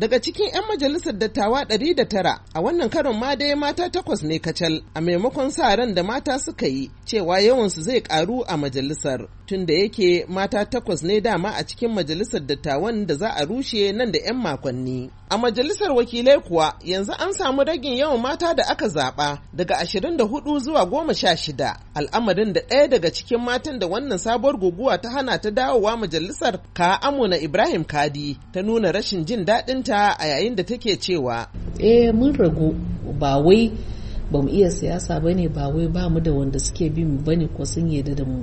Daga cikin 'yan majalisar dattawa 109 a wannan karon ma dai mata takwas ne kacal a maimakon sa ran da mata suka yi cewa yawansu zai karu a majalisar tun da yake mata takwas ne dama a cikin majalisar dattawan da za a rushe nan da 'yan makonni. A majalisar wakilai kuwa yanzu an samu ragin yawan mata da aka zaɓa daga 24 zuwa 16 al'amarin da ɗaya daga cikin matan da wannan sabuwar guguwa ta hana ta dawowa majalisar ka amuna Ibrahim Kadi ta nuna rashin jin daɗin ta, a yayin da take cewa eh mun ragu ba wai ba mu iya siyasa ba ne ba wai ba mu da wanda suke bi mu ba ne ko sun yarda da mu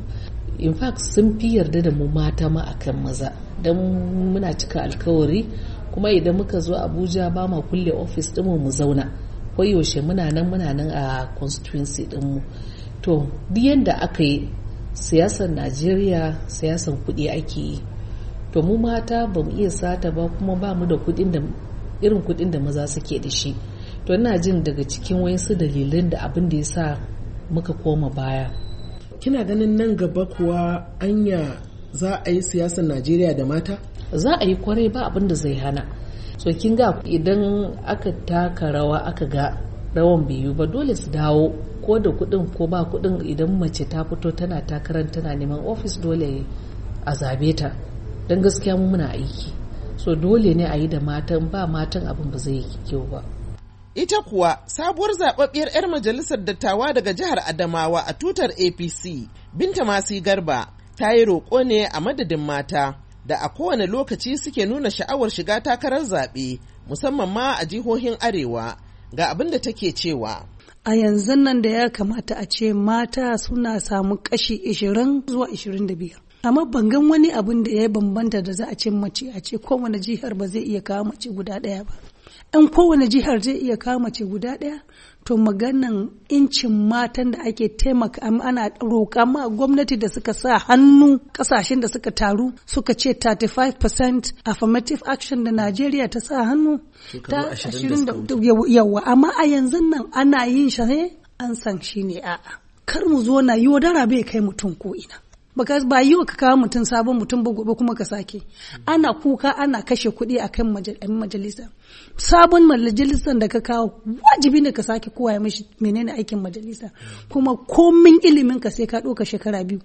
in fact sun fi yarda da mu mata ma akan maza don muna cika alkawari kuma idan muka zo abuja ba ma kulle ofis ɗinmu mu zauna ko yaushe muna nan muna nan a constituency ɗinmu to duk yadda aka yi siyasar najeriya siyasar kuɗi ake yi to mu mata ba mu iya sata ba kuma ba mu da kudin da irin kudin da maza suke da shi to ina jin daga cikin wayansu dalilin da abin da ya sa muka koma baya kina ganin nan gaba kuwa anya za a yi siyasar najeriya da mata za a yi kwarai ba abin da zai hana so kin ga idan aka taka rawa aka ga rawan biyu ba dole su dawo ko da kudin ko ba kudin idan mace ta fito tana takarar tana neman ofis dole a zabe ta don gaskiya mu muna aiki so dole ne a yi da matan ba matan abin ba zai yi kyau ba ita kuwa sabuwar zababbiyar 'yar majalisar dattawa daga jihar adamawa a tutar apc binta masu garba ta yi roƙo ne a madadin mata da a kowane lokaci suke nuna sha'awar shiga takarar zaɓe musamman ma a jihohin arewa ga abin da take cewa a yanzu nan da ya kamata a ce mata suna samu kashi 20 zuwa 25 amma ban gan wani abin da ya bambanta da za a ce mace a ce kowane jihar ba zai iya kawo mace guda ɗaya ba in kowane jihar zai iya kawo mace guda ɗaya to maganan incin matan da ake taimaka ana roƙa ma gwamnati da suka sa hannu ƙasashen da suka taru suka ce 35% affirmative action da Najeriya ta sa hannu ta 20 yawa amma a yanzu nan ana yin shi an san shi ne a'a kar mu zo na yi bai kai mutum ko ina baka ba yi wa ka kawo mutum sabon mutum ba gobe kuma ka sake ana kuka ana kashe kuɗi a kan majalisa sabon majalisar da ka kawo wajibi ne ka sake kowa ya mishi menene aikin majalisa kuma komin ilimin ka sai ka ɗauka shekara biyu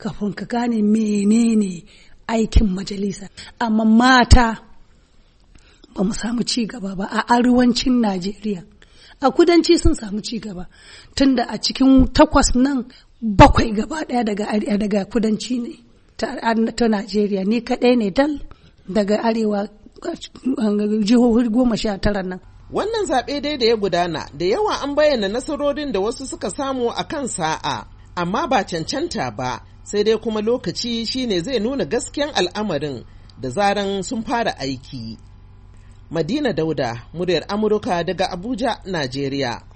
kafin ka gane menene aikin majalisa amma mata ba mu samu ci gaba ba a arewacin najeriya a kudanci sun samu ci gaba tunda a cikin takwas nan bakwai gaba ɗaya daga eh, daga kudanci ne ta Najeriya ni kadai ne dal daga arewa jihohi goma sha tara nan. Wannan zaɓe dai da ya gudana da yawa an bayyana nasarorin da wasu suka samu a kan sa'a amma ba cancanta ba sai dai kuma lokaci shine zai nuna gaskiyan al'amarin da zaran sun fara aiki. Madina Dauda, muryar Amurka daga Abuja, Najeriya.